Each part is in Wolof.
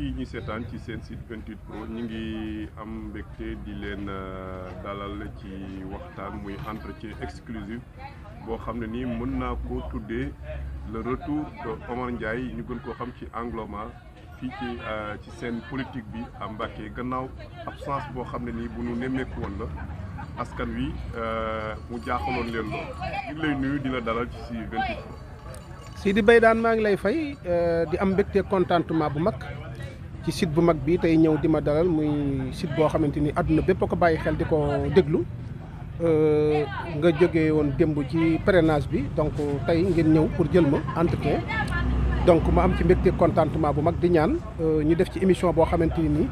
yi ñu seetaan ci seen site 28 pro ñu ngi am mbégte di leen euh, dalal ci waxtaan muy entretien exclusif boo xam ne nii mën naa koo tuddee le retour de Omar Ndiaye ñu gën koo xam ci Angloma fii ci euh, ci seen politique bi à Mbacké gannaaw absence boo xam ne nii bu ñu nemmeeku woon la askan wi euh, mu jaaxaloon leen la ñu lay nuyu di dalal ci si 28 di Sidi Baydaan maa ngi lay fay di am mbégte contentement bu mag. ci site bu mag bi tey ñëw di ma dalal muy site boo xamante ni àdduna bépp ko bàyyi xel di ko déglu euh, nga jóge woon démb ci parrainage bi donc tey ngeen ñëw pour jël ma entretien donc ma am ci mbégte contentement bu mag di ñaan euh, ñu def ci émission boo xamante ni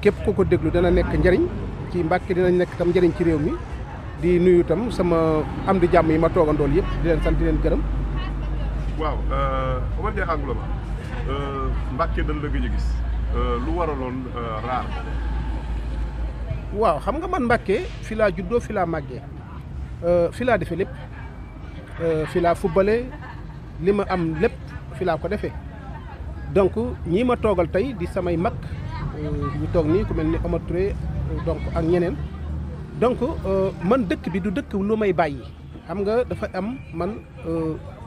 képp ku ko déglu dana nekk njëriñ ci Mbàkke dinañ nekk tam njëriñ ci réew mi di nuyu itam sama am di jàmm yi ma toogandool yëpp di leen sant di leen gërëm. waaw euh, Omar Ndiaye Angloma Mbàkke dañ la gëj a gis. Euh, lu waraloon euh, raar. waaw xam nga man Mbàkke filaa laa juddoo filaa laa màggee euh, fi laa defee lépp fi laa fubbale li ma am lépp fi laa ko defee donc ñii ma toogal tey di samay mag ñu toog nii ku mel ni Omar Touré donc ak ñeneen donc man dëkk bi du dëkk lu may bàyyi xam nga dafa am man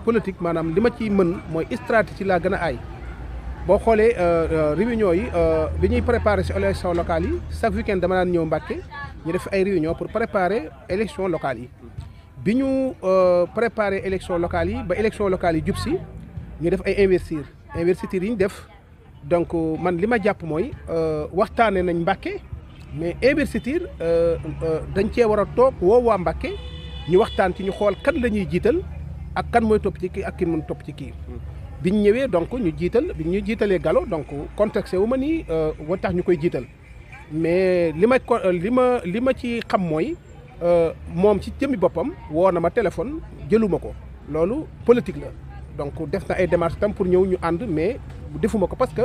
politique maanaam li ma ciy mën mooy stratégie laa gën a ay boo xoolee euh, euh, réunion yi euh, bi ñuy préparer si élection locale yi chaque week-end dama naan ñëw Mbàkke ñu def ay réunion pour préparer élection locale yi bi ñu préparer élection locale yi ba élection locale yi jub si ñu def ay investir investiture yi ñu def donc man li ma jàpp mooy waxtaane nañ Mbàkke mais investiture dañ cee war a toog woo waa Mbàkke ñu waxtaan ci ñu xool kan la ñuy jiital ak kan mooy topp ci kii ak kin mën topp ci kii biñ ñëwee donc ñu jiital biñ ñu jiitalee Gallo donc contexte wu ma nii wa euh, tax ñu koy jiital mais li ma ko li ma li ma ci xam mooy euh, moom ci jëmmi boppam woo na ma téléphone jëluma ko loolu politique la donc def na ay démarches tam pour ñëw ñu ànd mais defuma ko parce que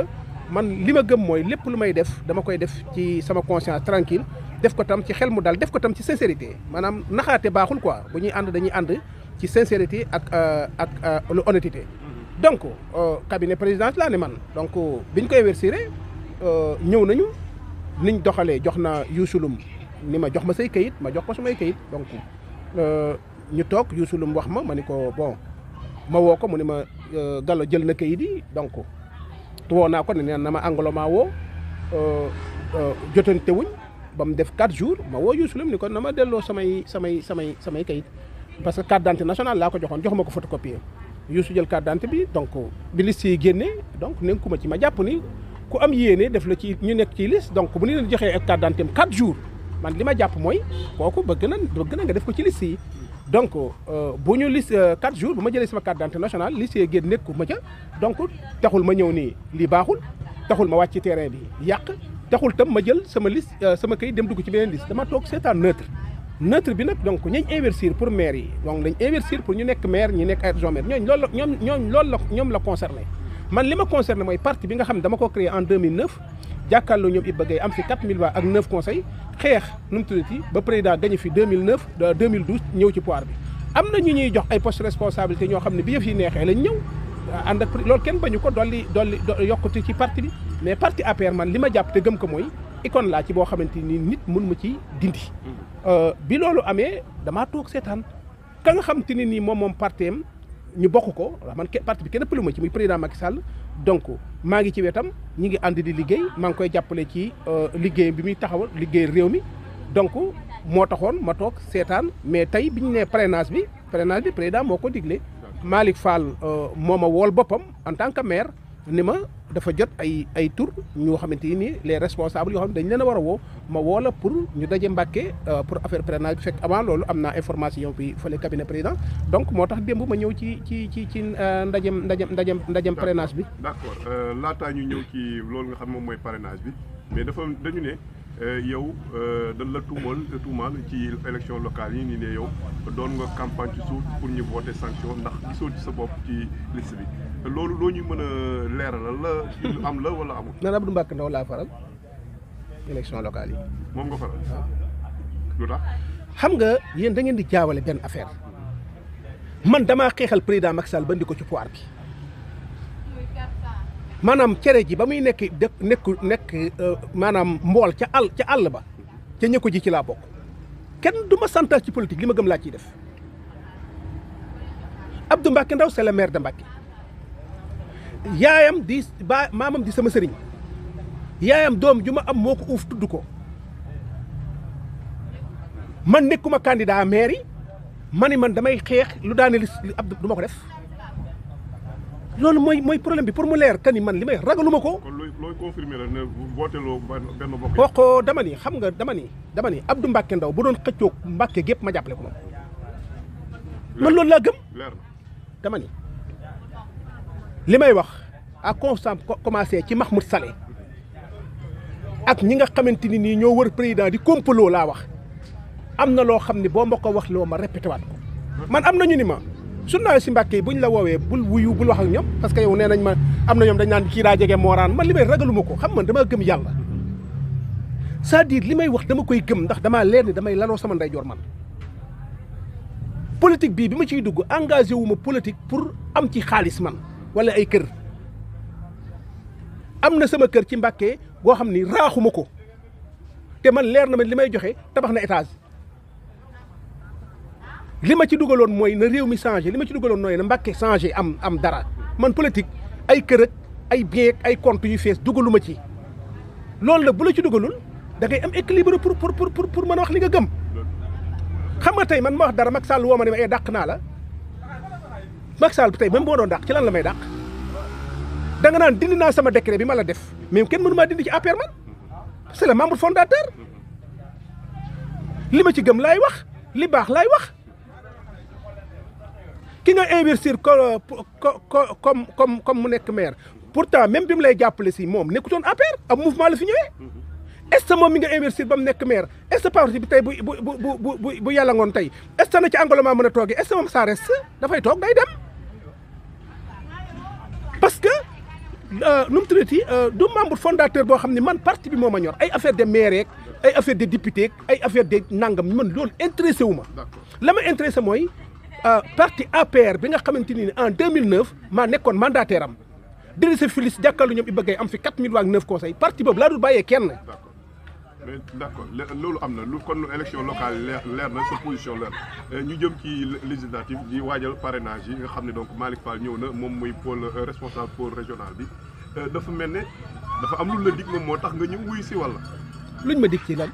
man li ma gëm mooy lépp lu may def dama koy def ci sama conscience tranquille def ko tam ci xel mu dal def ko tam ci sincérité maanaam naxaate baaxul quoi bu ñuy ànd dañuy ànd ci sincérité ak euh, ak lu honnêteté donc euh, cabinet présidence laa ne man donc euh, biñ ko investir euh, ñëw nañu niñ doxalee jox na yuusulum ni ma jox ma say kayit ma jox ko samay kayit donc ñu toog yuusulum wax ma ma ni ko bon woo ko mu ne ma Gallo jël na kayit yi donc woo naa ko ne neen na ma Angloma maa woo jotante wuñ ba mu def 4 jours ma woo yuusulum ni ko na ma delloo samay samay samay samay kayit parce que carte d'identité nationale laa ko joxoon jox ma ko photocopier Youssou jël carte d'identité bi donc bi liste yi génnee nen ku ma ci ma jàpp ni ku am yéene def la ci ñu nekk ci liste donc bu ñu leen joxee carte d'identité am 4 jours man li ma jàpp mooy kooku bëgg na bëgg na nga def ko ci liste yi. donc euh, bu ñu liste 4 euh, jours bu ma jëlee sama carte d'identité nationale liste yi génn nekku ma ca donc taxul ma ñëw nii lii baaxul taxul ma wàcc terrain bi yàq taxul tam ma jël sama liste euh, sama kayit dem dugg ci beneen liste dama toog c'est neutre. neutre bi nag donc ñañ investir pour maire yi donc dañ investir pour ñu nekk maire ñi nekk adjoint maire ñooñ loolu la ñoom ñoom loolu la li ma concerné mooy parti bi nga xam ne dama ko créé en 2009 jàkkaarloo ñoom Iba Gueye am fi fi 2009 2012 ñëw ci pouvoir bi am na ay poste responsabilité ñoo xam ne bi yëf yi neexee lañ ñëw ànd kenn bañu ko dolli dolli yokkute ci parti bi mais parti APR man li ma jàpp te gëm ko mooy icône laa ci boo xamante ni nit mun ma ci dindi. Euh, bi loolu amee damaa toog seetaan ka nga xam te nii moom moom parteem ñu bokk ko waaw man parti bi kenn ëppalu ma ci muy président Macky Sall donc maa ngi ci wetam ñi ngi ànd di liggéey maa ngi koy jàppale ci euh, liggéey bi muy taxawal liggéey réew mi donc moo taxoon ma toog seetaan mais tey bi ñu nee parrainage bi parrainage bi président moo ko digle Malick Fall euh, moo ma wool boppam en tant que maire. ni ma dafa jot ay ay tur ñoo xamante ni les responsables yoo xam ne dañ leen a war a woo ma woo la pour ñu daje Mbàkke euh, pour affaire parrainage bi fekk avant loolu am na information bi fële cabinet président donc moo tax démb ma ñëw ci ci ci ci euh, ndajem ndajem ndajem ndajem parrainage bi. d'accord euh, laataa ñu ñëw ci loolu nga xam moom mooy parrainage bi mais dafa dañu ne. yow dañ la tuumal tuumal ci élection locale yi ni ne yow doon nga campagne ci suuf pour ñu voter sanction ndax gisoo ci sa bopp ci liste loolu loo ñuy mën a leeralal la am la wala amul. man Abdou Mbacke Ndao laa faral élection locale yi. moom nga faral lu tax. xam nga yéen da di jaawale benn affaire man damaa xeexal président Macky Sall ba ndi ko ci pouvoir bi maanaam cere ji ba muy nekk nekk nekk euh, maanaam mbool ca àll ca àll ba ca ñëkko ji ci laa bokk kenn du ma santal ci politique li ma gëm laa ciy def ab Mbacke Ndao c'est le maire de Mbacke. yaayam di baa maamam di sama sëriñ yaayam doom ju ma am moo ko uuf tudd ko man nekkuma candidat maire yi ma ni man damay xeex lu daane li ab du ma ko def loolu mooy mooy problème bi pour mu leer kani man li may ragaluma ko. kon looy looy confirmer la ne dama ni xam nga dama ni dama ni Abdou Mbacke Ndaw bu doon xëccoog Mbacke gépp ma jàppale ko moom. man loolu laa gëm. dama ni. li may wax à constat commencé ci max Mahmoud Saleh ak ñi nga xamante ni nii ñoo wër président di complot laa wax am na loo xam ne boo ma ko wax loo ma répété waat ko man am nañu ni ma journaliste si Mbàkke yi buñ la woowee bul wuyu bul wax ak ñoom parce que yow nee nañ ma am na ñoom dañ naan kii daa jege mooraan man li may ragaluma ko xam man dama gëm yàlla cest à li may wax dama koy gëm ndax damaa leer ni damay lanoo sama ndeyjoor man politique bii bi ma ciy dugg engagé wu ma politique pour am ci xaalis man wala ay kër am na sama kër ci Mbàkke goo xam ni raaxuma ko te man leer na ma li may joxe tabax na étage li ma ci dugaloon mooy na réew mi changé li ma ci dugaloon mooy na Mbàkke changé am am dara man politique ay kër ay bien ay compte yu fees dugaluma ci loolu la bu la ci dugalul da ngay am équilibre pour pour pour pour mën a wax li nga gëm xam nga tey man ma wax dara mag Sall woo ma ne ma ee eh, dàq naa la Macky Sall tey même boo doon dàq ci lan la may dàq danga naan dindi naa sama décret bi ma la def mais kenn mënu maa dindi ci APR man c'est le membre fondateur li ma ci gëm laay wax li baax laay wax ki nga investir comme comme comme mu nekk maire pourtant même bi mu lay jàppale si moom nekkutoon APR ab mouvement la fi ñëwee est moom mi nga investir ba mu nekk maire est parti bi tey bu bu bu bu bu yàlla ngoon tey est-ce que na ci Angloma mën a toogee est-ce que moom ça day dem. Euh, nu mu tuddati euh, du membre fondateur boo xam ne man parti bi moo ma ñor ay affaire de maire yeeg ay affaire de député ay affaire de nangam man loolu intéressé wu ma. la ma intéressé mooy euh, parti APR bi nga xamante ni en 2009 maa nekkoon mandataire am Idrissa Félix jàkkaarloo ñoom i bëggee am fi 4000 waa ak 9 conseils parti boobu laa dul bàyyee kenn. mais d' loolu am na lu kon élection locale leer leer na sa position leer ñu jëm ci législative di waajal parrainage yi nga xam ne donc Malick Fall ñëw na moom muy pôle responsable pôle régional bi. Euh, dafa mel ne dafa am lu la dig moo tax nga ñëw wuy si walla. luñ ma dig ci lan.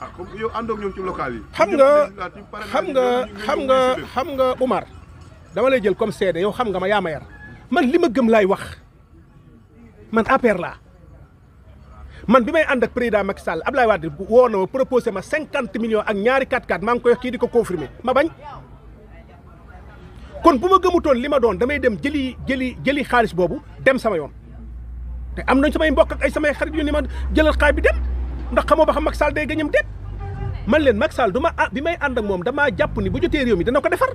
ah comme yow àndoog ñoom ci local yi. xam nga xam nga xam nga xam nga Umar dama lay jël comme seede yow xam nga ma yaa ma man li ma gëm laay wax man APR laa man bi may ànd ak président Macky Sall Abdoulaye Wade woo na ma proposé ma cinquante millions ak ñaari 4x4 maa ngi koy kii di ko confirmer ma bañ. kon bu ma gëmutoon li ma doon damay dem jëli jëli jëli xaalis boobu dem sama yoon. te am nañ samay mbokk ak ay samay xarit yu ni ma jëlal xaay bi dem ndax xamoo ba xam Macky Sall day gañam dem man leen Macky Sall du ma ah bi may ànd ak moom damaa jàpp ni bu jotee réew mi dana ko defar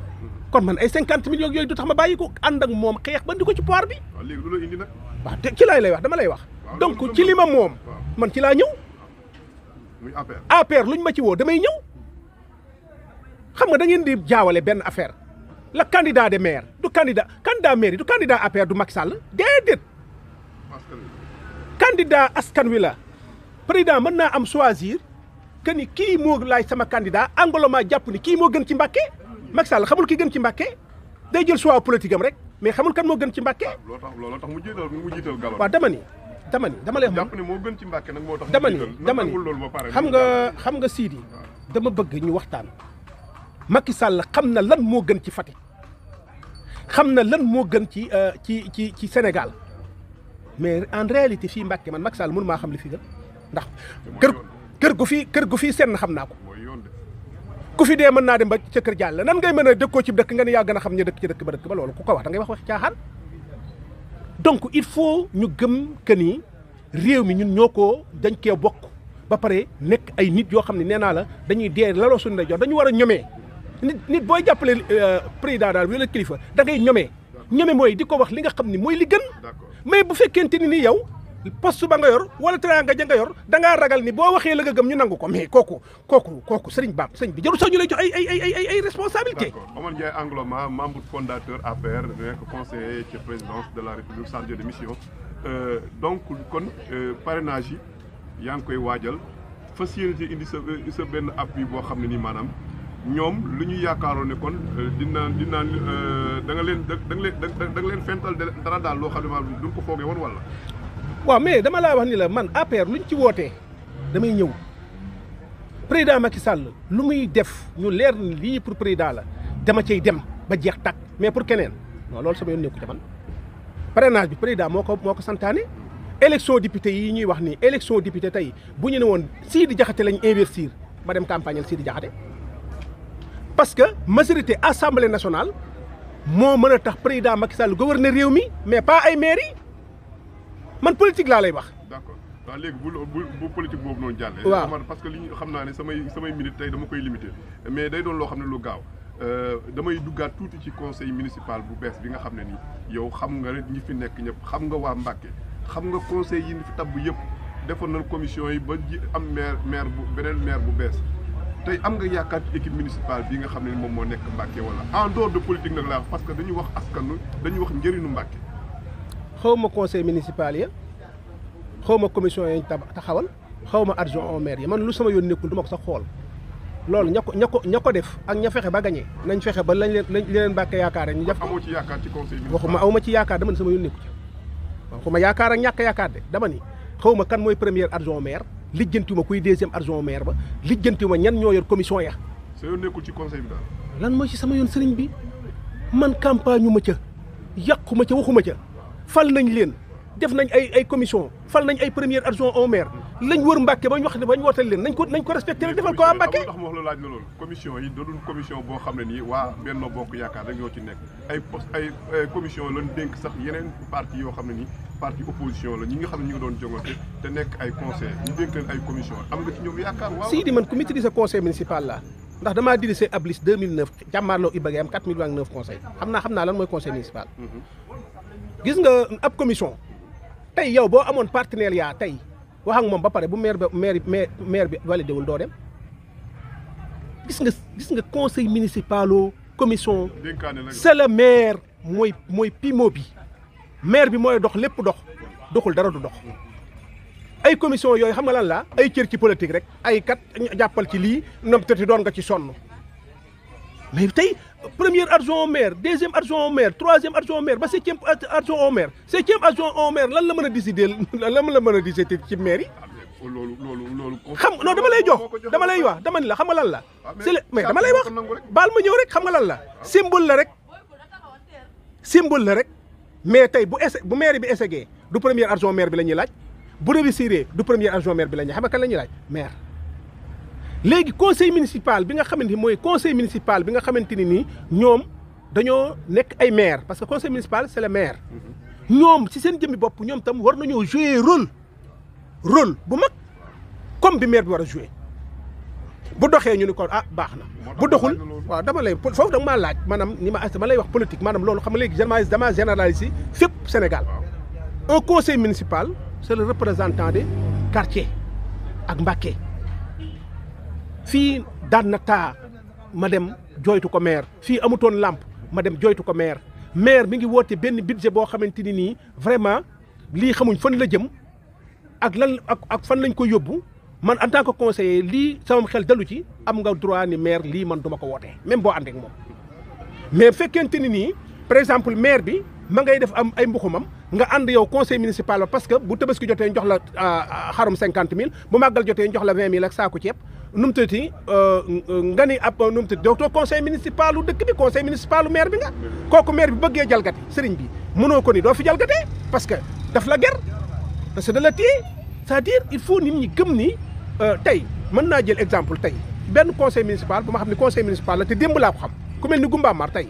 kon man ay cinquante millions yooyu du tax ma bàyyi ko ànd ak moom xeex ba ndi ko ci pouvoir bi. waaw léegi nag. waaw te ci laay lay wax dama lay wax. donc ci li ma moom. man ci laa ñëw. muy APR APR ma ci woo damay ñëw. xam nga da ngeen di jaawale benn affaire la candidat de maire du candidat candidat maire du candidat APR du Macky Sall déedéet. candidat askan wi la président mën naa am choisir que ni kii moo laaj sama candidat Angloma jàpp ni kii moo gën ci Mbàkke Macky xamul kii gën ci Mbàkke day jël choix politique rek mais xamul kan moo gën ci Mbàkke. Ah, loolu tax loolu mu jiital mu jiital Galon. waaw dama ni dama ni dama lay wax. jàpp ne moo gën ci Mbàkke nag moo tax. dama ni dama ni xam nga xam nga Sidi dama bëgg ñu waxtaan. Macky Sall xam na lan moo gën ci Fatick xam na lan moo gën ci euh, ci ci ci Sénégal. mais en réalité fii Mbàkke man Macky Sall mënu maa xam la fi gën ndax kër kër gu fii kër gu fii senn xam naa ko ku fi dee mën naa dem ba ca kër jàll nan ngay mën a dëkkoo ci dëkk nga ne yaa gën a xam ña dëkk ci dëkk ba dëkk ba loolu ku ko wax da wax wax caaxaan donc il faut ñu gëm que ni réew mi ñun ñoo koo dañ kee bokk ba pare nekk ay nit yoo xam ne nee naa la dañuy dee laloo suñu ne jox dañu war a ñomee nit nit booy jàppale euh, président daal wala kilifa da ngay ñomee ñome mooy di ko wax li nga xam ne mooy li gën mais bu fekkente ni ni yow poste ba nga yor wala teraanga ja nga yor da ngaa ragal ni boo waxee la nga gëm ñu nangu ko mais kooku kooku kooku sëriñ Ba sëriñ bi jarul sax ñu lay jox ay ay ay ay ay responsabilité Omar Ndiaye Angloma membre fondateur APR nekk conseiller ci présidence de la République chargé de mission euh, donc kon euh, parrainage yi yaa ngi koy waajal fas yéene ci indi sa benn appui boo xam ne nii maanaam ñoom lu ñu yaakaaroon ne kon euh, dina dina euh, da nga leen da nga leen da nga leen fental dara daal loo xam ne maanaam duñ ko foogee woon wala. waaw mais dama laa wax ni la man APR luñ ci wootee damay ñëw président Macky Sall lu muy def ñu leer ni lii pour président la dama cey dem ba jeex tàkk mais pour keneen non loolu sama yoon nekku ca man parrainage bi président moo ko moo ko santaane. élection député yi ñuy wax ni élection député tey bu ñu ne woon Sidi Diakhaté lañ investir ma dem campagne Sidi Diakhaté. parce que majorité assemblée nationale moo mën a tax président Macky Sall gouverneur réew mi mais pas ay maires man politique laa lay wax. d'accord waaw léegi bu bu politique boobu noonu jàllee. waaw parce que li ñu xam naa ne samay samay minutes tey dama koy limité mais day doon loo xam ne lu gaaw. Euh, damay duggaat tuuti ci conseil municipal bu bees bi nga xam ne nii yow xam nga ñi fi nekk ñëpp xam nga waa Mbàkke xam nga conseil yi ñu fi tabb yëpp defoon na commission yi ba ji am maire maire bu beneen maire bu bees. tey am nga yaakaar ci équipe municipale bi nga xam ne moom moo nekk Mbacke wala en dehors de politique nag laa parce que dañuy wax askanu dañuy wax njëriñu Mbacke. xaw ma conseil municipal ya xaw ma commission yañ taxawal xaw ma adjoint au maire yi man lu sama yoon nekkul du ma ko sax xool loolu ña ko ña ko ña ko def ak ña fexe ba gañee nañ fexe ba lañ leen lañ leen Mbacke yaakaar ñu def amoo ci yaakaar ci conseil municipal waxuma aw ma ci yaakaar dama ne sama yoon nekku ci waxuma yaakaar ak ñàkk yaakaar de dama ni xaw ma kan mooy premier adjoint lijjantiwuma kuy deuxième adjoint maire ba lijjantiwuma ñan ñoo yor commission ya sa yoon nekkul ci conseil bi daal. lan mooy ci sama yoon sëriñ bi man campagne ñu ma ca yàqu ma ca waxuma ca fal nañ leen def nañ ay ay commission fal nañ ay premier adjoint au maire lañ wër Mbàkke bañ wax ne bañ wooteel leen nañ ko nañ ko defal ko waa Mbàkke. ndax ma wax la laaj loolu yi da doon boo xam ne nii waa Benno Bokk Yaakaar rek ñoo ci nekk ay poste ay commission lañ dénk sax yeneen parti yoo xam ne nii. parti opposition la ñi nga doon jongante nekk ay conseil ñu dénk leen ay commission am si di man ku maîtriser conseil municipal la ndax damaa dirigé ab liste 2009 jàmmaarloo Iba Gueye am 4009 conseil xam naa xam naa lan mooy conseil municipal mm-hmm. gis nga euh, ab commission tey yow boo amoon partenaire tey wax ak moom ba pare bu mair bi maire maire bi validé wul doo dem gis nga gis nga conseil municipal commission c'est le maire mooy mooy pimo bi maire bi mooy dox lépp dox doxul dara du dox ay commission yooyu xam nga lan la ay cër ci politique rek ay kat jàppal ci lii nam tati doon nga ci sonn mais tey premier adjoint au maire deuxième adjoint au maire troisième adjoint au maire ba septième adjoint au lan la mën a décider lan la mën a décider ci maire loolu loolu loolu xam non dama lay jox dama lay wax dama ni la xam nga lan la c'est mais dama lay wax baal ma ñëw rek xam nga lan la symbole la rek la rek mais tey bu ese bu maire bi esegee du premier adjoint maire bi la ñuy laaj bu réussiree du premier adjoint maire bi lañuy ñuy xam nga kan la laaj maire. léegi conseil municipal bi nga xamante ni mooy conseil municipal bi nga xamante ni nii ñoom dañoo nekk ay maire parce que conseil municipal c'est le maire. ñoom si seen jëmmi bopp ñoom tam war nañoo jouer rôle rôle bu mag comme bi maire bi war a jouer. bu doxee ñu ni ko ah baax na bu doxul waaw dama lay foofu danga maa laaj maanaam ni ma ma lay wax politique maanaam loolu xam nga léegi généralement dama généraliser yi fépp Sénégal un conseil municipal c'est le représentant des quartiers ak Mbacké fii daan na taa ma dem joytu ko maire fii amutoon lampe ma dem joytu ko maire maire mi ngi woote benn budget boo xamante ni nii vraiment lii xamuñ fan la jëm ak lan fan lañ ko yóbbu man en tant que conseiller lii sama xel dalu ci am nga droit ni maire lii man duma ko wootee même boo àndeek moom mais fekkente ni nii par exemple maire bi ma ngay def am ay mbuxumam nga andi yow conseil municipal ba parce que bu tabaski jotee jox la ah, ah, xarum cinquante mille bu màggal jotee jox la vingt mille ak saaku ceeb nu mu tëddee euh, nga ni ab nu mu tëddee dootoo conseil municipal lu dëkk bi conseil municipal lu bi nga. kooku maire bi bëggee jalgati sëriñ bi mënoo ko ni doo fi jalgatee parce que daf la ger parce que da la téye cest à il faut nit ñi gëm ni. Euh, tey mën naa jël exemple tey benn conseil municipal bu ma xam ne conseil municipal la te démb laa ko xam ku mel ni Goumba Mar tey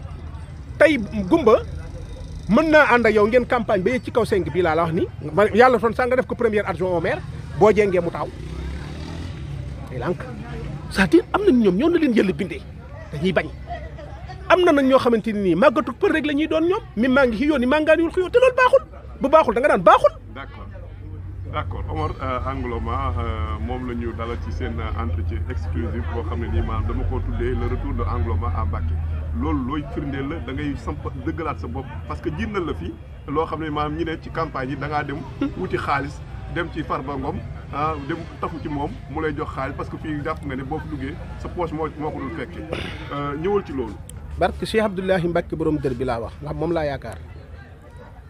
tey Goumba mën naa ànd ak yow ngeen campagne ba yëg ci kaw senk bii la wax ni yàlla son sa nga def ko première adjoint au boo jengee mu taw day lànk am na ñoom ñoo na leen yëlla bindee dañuy bañ am na nag ñoo xamante ni nii për rek la ñuy doon ñoom mi maa ngi xiyoo ni maa ngaa niwul xiyoo te bu baaxul da nga daan baaxul d' accord Omar euh, Angloma euh, moom la ñu dalal ci seen euh, entretien exclusif koo xam ne nii maanaam dama ko tuddee le retour de Angloma à Mbacké loolu looy firndeel la da ngay samp dëggalaat sa bopp parce que jiital la fi loo xam ne maanaam ñi ne ci campagne yi danga dem wuti xaalis dem ci Farba Ngom ah dem tafu ci moom mu lay jox xaalis parce que fii jàpp nga ne boo fi sa poche moo moo ko dul fekkee ñëwal ci loolu. barke Cheikh Abdoulahi Mbacké borom dër bi laa wax nga moom laa yaakaar.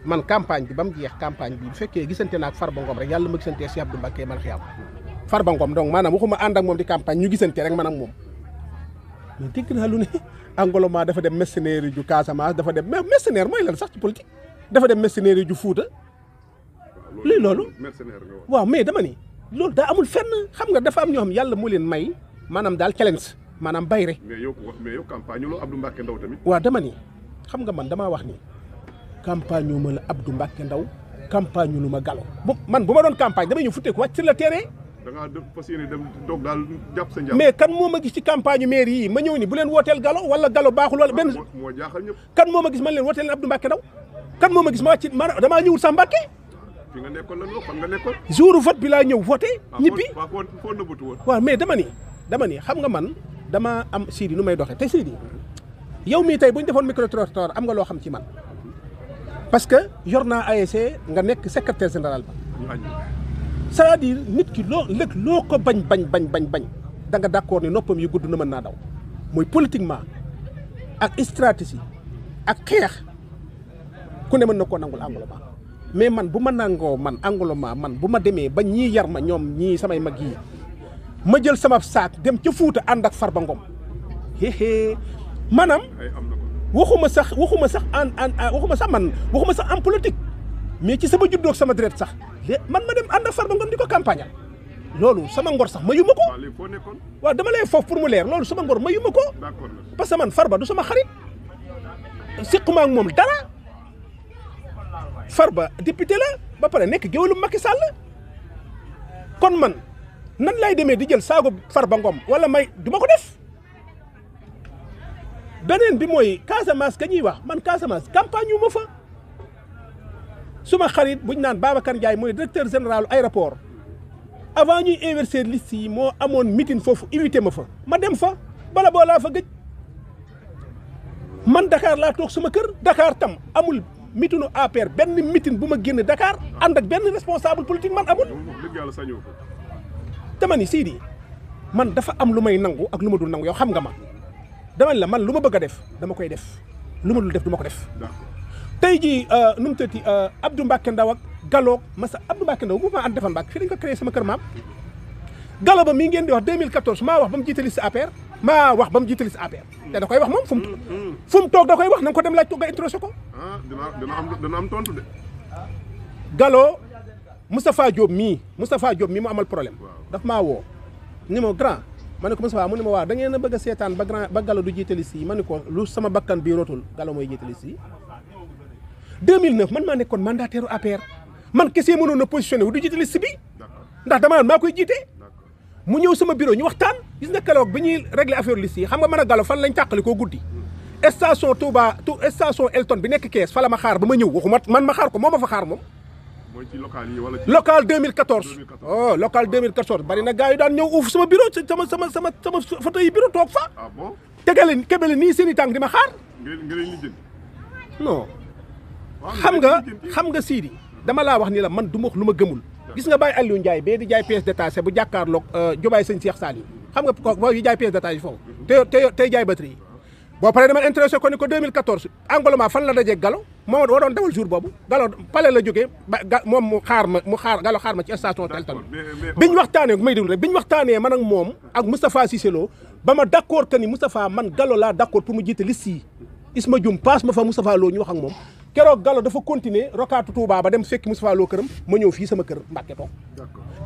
man campagne bi ba mu jeex campagne bi bu fekkee gisante naa ak Farba Ngom rek yàlla ma gisantee Cheikh Abdou Mbacké man xiyam Farba Ngom donc maanaam waxuma ànd ak moom di campagne ñu gisante rek man ak moom naa lu ne Angloma dafa dem mercenaire ju Casamance dafa dem mais mercenaire mooy lan sax ci politique dafa dem mercenaire ju Fuuta lii loolu waaw mais dama ni loolu daa amul fenn xam nga dafa am ñoo xam yàlla moo leen may maanaam daal challenge maanaam bay rek mais yow mais yow campagne loo Abdou Mbacké Ndao ni xam nga man damaa wax nii campagne ma la Abdou Mbacke Ndaw campagne lu ma Gallo bu man bu ma doon campagne damay ñëw futte ko wàcc sur le terrain. da mais kan moo ma gis ci campagne mairie yi ma ñëw ni bu leen wooteel Gallo wala Gallo baaxul wala benn. moo jaaxal ñëpp kan moo ma gis man leen wooteel leen Abdou Mbacke Ndaw kan moo ma gis ma wàcc ma damaa ñëwul sax Mbacke. nga nekkoon lan nga fan nga nekkoon. jour vote bi laa ñëw voté. Ah, ñibbi waaw foo foo nëbbatu woon. waaw mais dama ni dama ni xam nga man dama am Sidi nu may doxee te Sidi yow mii tey bu ñu defoon micro trottoir am nga loo xam ci man parce que yor naa ASC nga nekk secretaire général ba cest nit ki loo lëg loo ko bañ bañ bañ bañ danga da ni noppam yu gudd na mën naa daw mooy politiquement ak stratégie ak xeex ku ne mën na koo nangul Angloma mais man bu ma nangoo man Angloma man bu ma demee ba ñii yar ma ñoom ñii samay mag yi ma jël sama saak dem ca Fuuta ànd ak Farba Ngom hee hee maanaam waxuma sax waxuma sax en en waxuma sax man ma sax en politique mais ci sama juddoo ak sama deret sax man ma dem ànd ak Farba Ngom di ko campagne loolu sama ngor sax mayu ma ko waaw dama lay foofu pour mu leer loolu sama ngor mayu ma ko parce que man Farba du sama xarit siquma ak moom dara Farba député la ba pare nekk géwélu Macky Sall kon man nan lay demee di jël saagu Farba Ngom wala may du ma ko def beneen bi mooy Casamance ka ñuy wax man Casamance campagne yu ma fa suma xarit buñ naan Babacar Ndiaye mooy directeur général aéroport avant ñuy inverser liste yi moo amoon meeting foofu invité ma fa ma dem fa bala boo fa gëj man Dakar laa toog suma kër Dakar tam amul mitinu APR benn mitin bu ma génn dakaar ànd ak benn responsable politique man amul dama ni Sidi man dafa am lu may nangu ak lu ma dul nangu yow xam nga dama la man lu ma bëgg a def dama koy def lu ma dul def du ma ko def tey jii euh, nu mu tëddi euh, Abdou Mbacke Ndaw ak Gallo Massa Abdou Mbacke Ndaw bu ma ànd defal Mbacke fii dañ sama kër maam Gallo ba mii ngeen di wax 2014 maa wax ba mu jiite liste APR maa wax ba mu jiite liste APR te koy wax moom fu mu mm, mm. fu toog da koy wax na ko dem laaj nga introsé ko ah, dina am dina am tontu de Gallo Moustapha Diop mii Moustapha Diop mii mu amal problème daf maa woo ni ma grand ma ne ko Moussa ma waaw da ngeen a bëgg a seetaan ba grand ba galo du jiite liste yi ma ne ko lu sama bakkan bii rotul galo mooy jiite liste yi 2009 man maa nekkoon mandataire APR man kese mënoon na positionné wu du jiite liste bi ndax damaa maa koy jiite mu ñëw sama bureau ñu waxtaan gis nga keroog bi ñuy réglé affaire liste yi xam nga man a galo fan lañ tàqali koo guddi hmm. station Touba station Elton bi nekk Kees fa ma xaar ba ma ñëw waxuma man ma xaar ko moo ma fa xaar moom mooy ci local yi wala ci. local 2014. 2014 oh local 2014 bari na gars yi daan ñëw uuf sama bureau sama sama sama sama fauteuil yi bureau toog fa. ah bon tegale kebele nii seen i tànk di ma xaar. nga xam nga xam nga Sidi. dama laa wax ni la man du ma wax lu ma gëmul. gis nga Baye Aliou Ndiaye bee di jaay pièce détachée bu jàkkaarloog euh, Jobaay sëñ Cheikh Saliou xam nga kooku booy yi jaay pièce détachée foofu. Mhm. te tey jaay batterie yi. boo paree dama intéressé ko ni ko 2014 Angloma fan la dajee Gallo moom moo doon dawal jour boobu Gallo pale la jógee ba moom mu xaar ma mu xaar Gallo xaar ma ci station tel tamit biñ waxtaanee may déglu rek biñ waxtaanee man ak moom ak Moustapha Cissé Lo ba ma d' accord que ni Moustapha man Gallo laa d' accord pour mu jiite liste yi Isma Dioum passe ma fa Moustapha Lo ñu wax ak moom keroog Gallo dafa continuer rokaatu Touba ba dem fekki Moustapha Lo këram ma ñëw fii sama kër Mbàkke toog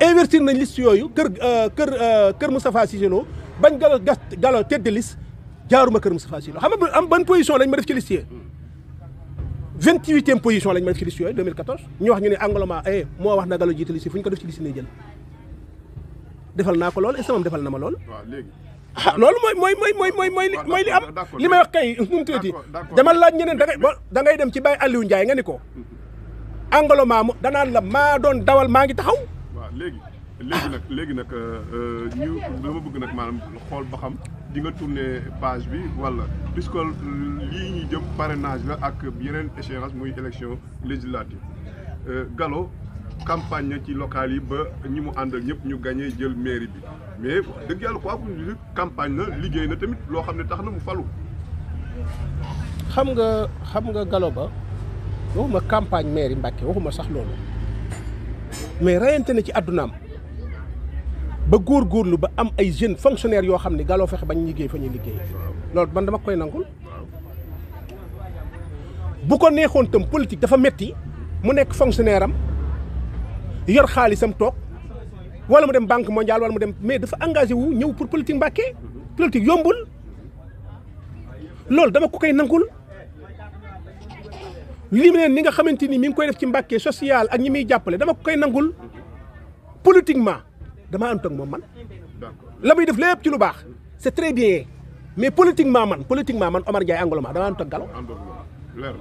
invertir nañ liste yooyu kër euh, kër euh, kër Moustapha Cissé Lo bañ Gallo gas Gallo tête de jaaruma kër Moustapha Cissé Lo xam nga am ban position lañ ma def ci liste yi vingt position lañ ma def ci liste yooyu 2014 ñu wax ñu ne Angloma eh moo wax Dagalo jiite liste fu ñu ko def ci liste ne defal naa ko lool est-ce defal na ma lool. waaw léegi. ah loolu mooy mooy mooy mooy mooy mooy li mooy li am li may wax kay nu mu tuddati dama laaj ñeneen da ngay da ngay dem ci Baye Aliou Ndiaye nga ni ko Angloma mu danaan la maa doon dawal maa ngi taxaw. waaw léegi léegi nag léegi nag euh, euh, ñu dama xool ba xam. di nga tourner page bi wala puisque lii ñuy jëm parrainage la ak yeneen échéance muy élection législative euh, Gallo campagne na ci locale yi ba ñi mu àndal ñëpp ñu gañee jël mairie bi mais dëgg yàlla quoi pour campagne na liggéey na tamit loo xam ne tax na mu falu. xam nga xam nga galo Ba waxuma campagne mairie Mbacke waxuma sax loolu mais reyante na ci àddunaam. ba góor góorgóorlu ba am ay jeunes fonctionnaires yoo xam ne galoo fexe bañ liggéey fa ñu liggéey loolu man dama koy nangul bu ko neexoon tam politique dafa metti mu nekk fonctionnaire am yor xaalisam toog wala mu dem banque mondiale wala mu dem mais dafa engagé wu ñëw pour politique Mbàkke politique yombul loolu dama ko koy nangul li mu ni nga xamante ni mi ngi koy def ci Mbàkke social ak ñi muy jàppale dama ko koy nangul politiquement damaa ànd moom man la muy def lépp ci lu baax c'est très bien mais politiquement man politiquement man Omar Ndiaye Angloma damaa ànd ak Gallo leer na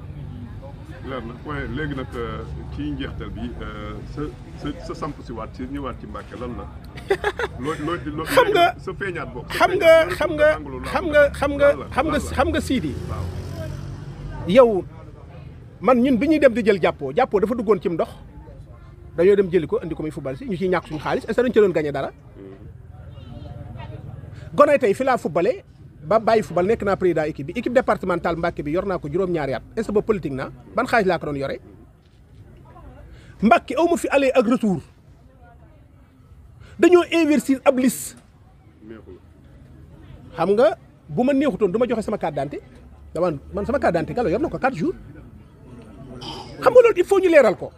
leer na waaye léegi nag euh, ci njeextal bi euh, sa sa sa samp si waat si ñëwaat ci Mbàkke lan la loo loo xam nga sa feeñaat bokk xam nga xam nga xam nga xam nga xam nga xam nga Sidi yow man ñun bi ñuy dem di jël jàppoo jàppoo dafa duggoon cim ndox dañoo dem jëli ko andi ko muy football si ñu ciy ñàkk suñu xaalis est-ce que dañu ci gone tey fi laa footballé ba bàyyi football nekk naa président équipe bi équipe départementale Mbacke bi yor naa ko juróom-ñaari at est-ce que naa ban xaalis laa ko doon yore Mbacke aw ma fi aller ak dañoo investir ab xam nga bu ma neexutoon du ma joxe sama carte d'identité dama man sama carte d'identité galo yor na ko 4 jours xam nga loolu il faut ñu leeral ko.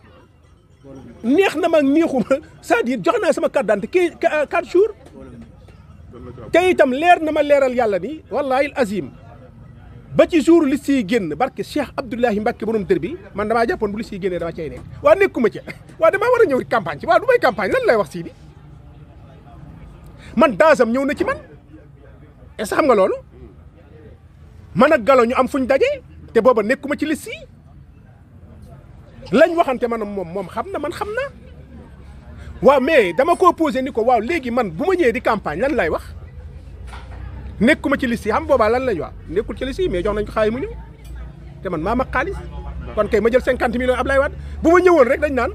neex na ma neexuma cest à jox naa sama carte d'identité kii euh, quatre jours te itam leer na ma leeral yàlla ni wallahi azim ba ci jour liste yi génn barke Cheikh Abdoulahi Mbacke borom dër bi man damaa jàppoon bu liste yi génnee dama cay nekk waa nekkuma ca waa damaa war a ñëw campagne ci waa du may campagne lan lay wax sii bi man daasam ñëw na ci man est-ce que xam nga loolu man ak Gallo ñu am fuñ daje te booba nekkuma ci liste lañ waxante man moom moom xam na man xam na waaw mais dama koo posé ni ko waaw léegi man bu ma ñëwee di campagne lan lay wax nekkuma ci liste yi xam boobaa lan lay wax nekkul ci liste yi mais jox nañ ko xaalis mu ñëw te man maa mag xaalis kon kay ma jël cinquante millions Ablaye Wade bu ma ñëwoon rek dañ naan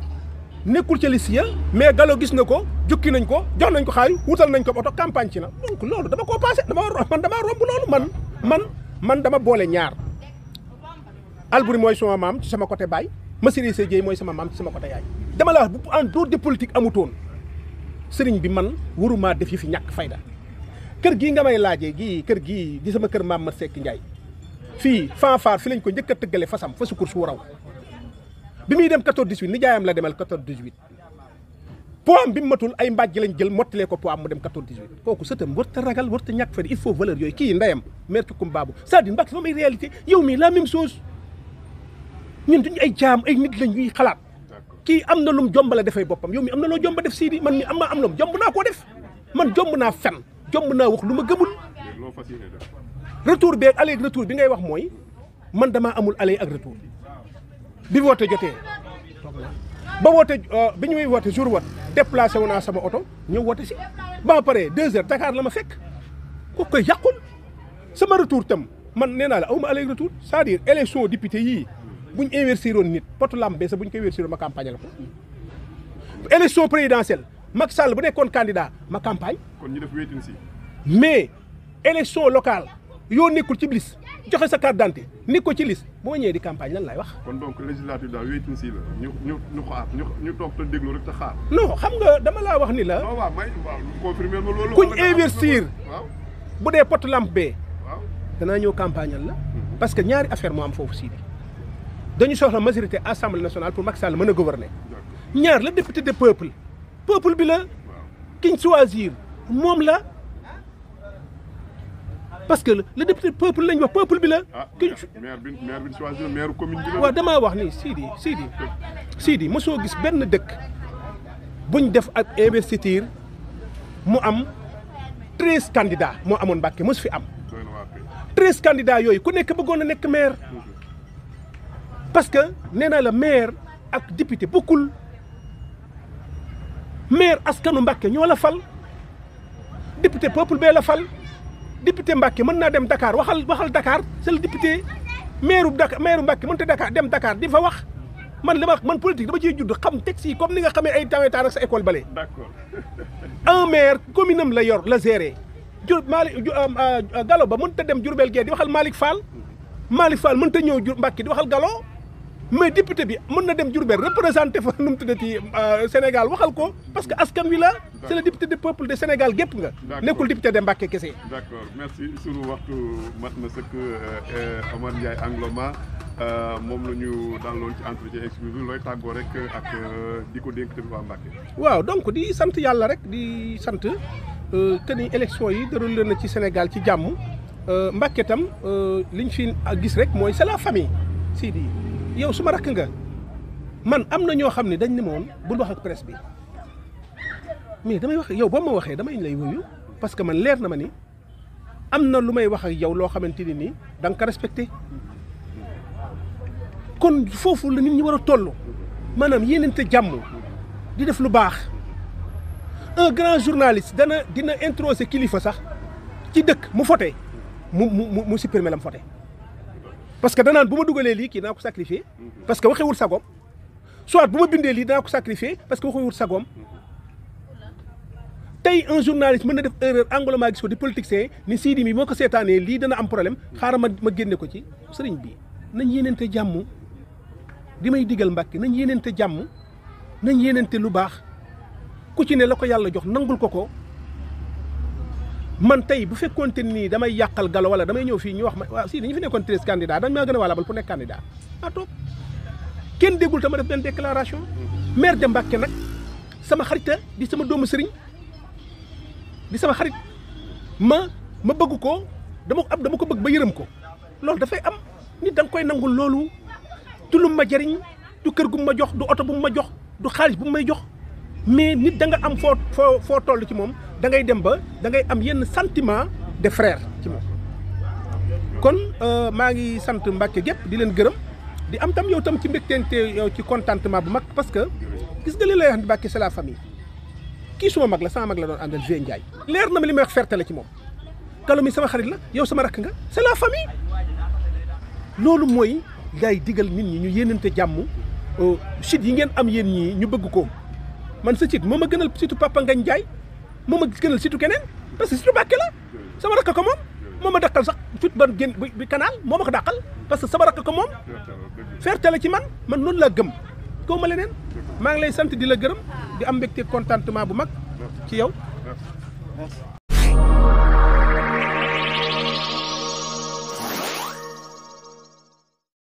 nekkul ci liste ya mais Gallo gis na ko jukki nañ ko jox nañ ko xaalis wutal nañ ko oto campagne ci na donc loolu dama koo passé dama man damaa romb loolu man man man dama boole ñaar Albouri mooy maam ci sama côté baay Massiré Seye mooy sama maam sama ko yaay dama la wax bu en dehors de politique amutoon sëriñ bi man waruma def yi fi ñàkk fayda kër gii nga may laajee gi kër gii di sama kër maam ma Seck Ndiaye fii fanfar fi ko njëkk a tëggale fasam fa sukkur su waraw bi muy dem 14 18 nijaayam la demal 14 18 poam bi la matul ay mbàjj lañ jël mottilee ko poam mu dem 14 18 kooku sëtam war ta ragal war ta ñàkk il faut valeur yooyu kii ndeyam mère Cukum Babu c'est-à-dire Mbacke moom ay la même ñun duñu ay jaam ay nit lañ ñuy xalaat kii am na lum jombale dafay boppam yow mi am na loo jomba def Sidi man ni am ma am lom jomb naa koo def man jomb naa fen jomb naa wax lu ma gëmul retour beeg aller retour bi ngay wax mooy man damaa amul aller ak retour woote jotee ba woote euh, bi ñuy woote jour wat déplacé wu naa sama oto ñëw woote si ba pare deux heures Dakar la ma fekk ko koy yàqul sama retour tam man nee naa la awma aller retour c'est-à-dire élection député yii bu buñ investiroon nit pot lamb be sa buñ ko investiroon ma campagne la ko. élection présidentielle Macky bu nekkoon candidat ma campagne. kon ñu def wéetin si. mais élection locale yoo nekkul ci liste joxe sa carte d'identité nekk ko ci liste boo ñëwee di campagne lan wax. kon donc législative daal wéetin si la ñu ñu ñu xaar ñu ñu toog déglu rek te xaar. non xam nga dama laa wax ni la. non waaw ma loolu. kuñ investir bu dee pot lamb be. danaa ñëw campagne la. Mhm. parce que ñaari affaire moo am foofu sii dañu soxla majorité assemblée nationale pour Macky Sall mën a gouverner ñaar la député de peuple peuple bi la kiñ choisir moom la parce que la le député peuple lañ wax peuple bi la. ah maire bi maire bi choisir maire commune bi la. waaw damaa wax ni Sidi Sidi Sidi mosoo gis benn dëkk buñ def ak investiture mu am treize candidats moo amoon Mbàkke mosu fi am. treize candidats yooyu ku nekk bëggoon a nekk maire. Hmm. parce que nee naa la maire ak député bokkul maire askanu Mbàkke ñoo la fal député peuple bee la fal député Mbàkke mën naa dem dakaar waxal waxal Dakar c'est le député maire bu Dakar maire Mbàkke mënta Dakar dem dakaar di fa wax man li ma man politique dama ciy judd xam teg yi comme ni nga xamee ay temps ak sa école bale. d'accord un maire commune am la yor la gérer jur Malick euh, euh, Gallo Ba mënta dem jurubel gee di waxal Malick Fall Malick Fall mënta ñëw jur Mbàkke di waxal Gallo. mais député bi mën na dem Diourbel représenté fa nu mu tuddati euh, Sénégal waxal ko parce que askan wi la c'est le député du peuple de Sénégal gépp nga nekkul député de Mbacké kese d'accord merci sunu waxtu mat na sëkk euh, euh, Omar Ndiaye Angloma moom la ñu daan loon ci entretien exclusif looy tàggoo rek ak di ko dénk tamit waa waaw donc di sant yàlla rek di sant que ni élection yi déroulé na ci Sénégal ci jàmm Mbacké tam liñ fi gis rek mooy c'est la famille Sidi yow su ma rakk nga man am na ñoo xam ne dañ ne moom bul wax ak presse bi mais damay wax yow boo ma waxee damay lay wuyu parce que man leer na ma ni am na lu may wax ak yow loo xamante ni nii da ko respecté kon foofu la nit ñi war a toll maanaam te jàmm di def lu baax un grand journaliste dana dina introsé kilifa sax ci dëkk mu fote mu mu mu supprimer la mu fote parce que danaan bu ma dugalee lii kii danaa ko sacrifier mhm. parce que waxewul sagoom soit bu ma bindee lii danaa ko sacrifier parce que waxewul sagoom mhm. tey un journaliste mën na def erreur angolo maa gis ko di politicien ni Sidi mi moo ko seetaanee lii dana am problème xaaral ma ma génne ko ci sëriñ bi nañ yéeneente jàmm di may digal Mbàkke nañ yéeneente jàmm nañ yéeneente lu baax ku ci ne la ko yàlla jox nangul ko ko man tey bu fekkoonte nii damay yàqal galo wala damay ñëw fii ñu wax ma waaw si dañu fi nekkoon treize candidat dañ maa gën a waalabal pour nekk candidat maa ah, toog kenn déggul tama def benn déclaration maire de Mbacké nag sama xarita di sama doomu sëriñ di sama xarit ma ma bëgg ko dama ab dama ko bëgg ba yërëm ko loolu dafay am nit da koy nangul loolu du lu ma jariñ du kër gu ma jox du oto bu ma jox du xaalis bu may jox mais nit da nga am foo foo foo toll ci moom da ngay dem ba da ngay am yenn santiment de frère ci moom kon euh, maa ngi sant Mbàkke gépp di leen gërëm di am tam yow tam ci mbégteente yow ci contentement bu mag parce que gis nga li lay wax ni Mbàkke c'est la famille kii suma mag la sama mag la doon àndal Vieux Ndiaye leer na ma li may wax ferte la ci moom kalo mi sama xarit la yow sama rakk nga c'est la famille loolu mooy ngay digal nit ñi ñu yéenante jàmm sit euh, yi ngeen am yéen ñii ñu bëgg ko man sa sit moom a gënal surtout Papa Ngagne moo ma gënal surtout keneen parce que surtout Mbàkke la ko moom moo ma dàqal sax fut ban gén bi canal moo ma ko dàqal parce que sama rakk ko moom fierté la ci man man noonu laa gëm kaw ma leneen maa ngi lay sant di la gërëm di am mbégte contentement bu mag ci yow